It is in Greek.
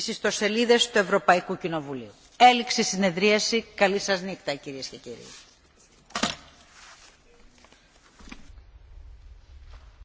στις ιστοσελίδες του Ευρωπαϊκού Κοινοβουλίου. Έληξη συνεδρίαση. Καλή σας νύχτα κυρίες και κύριοι.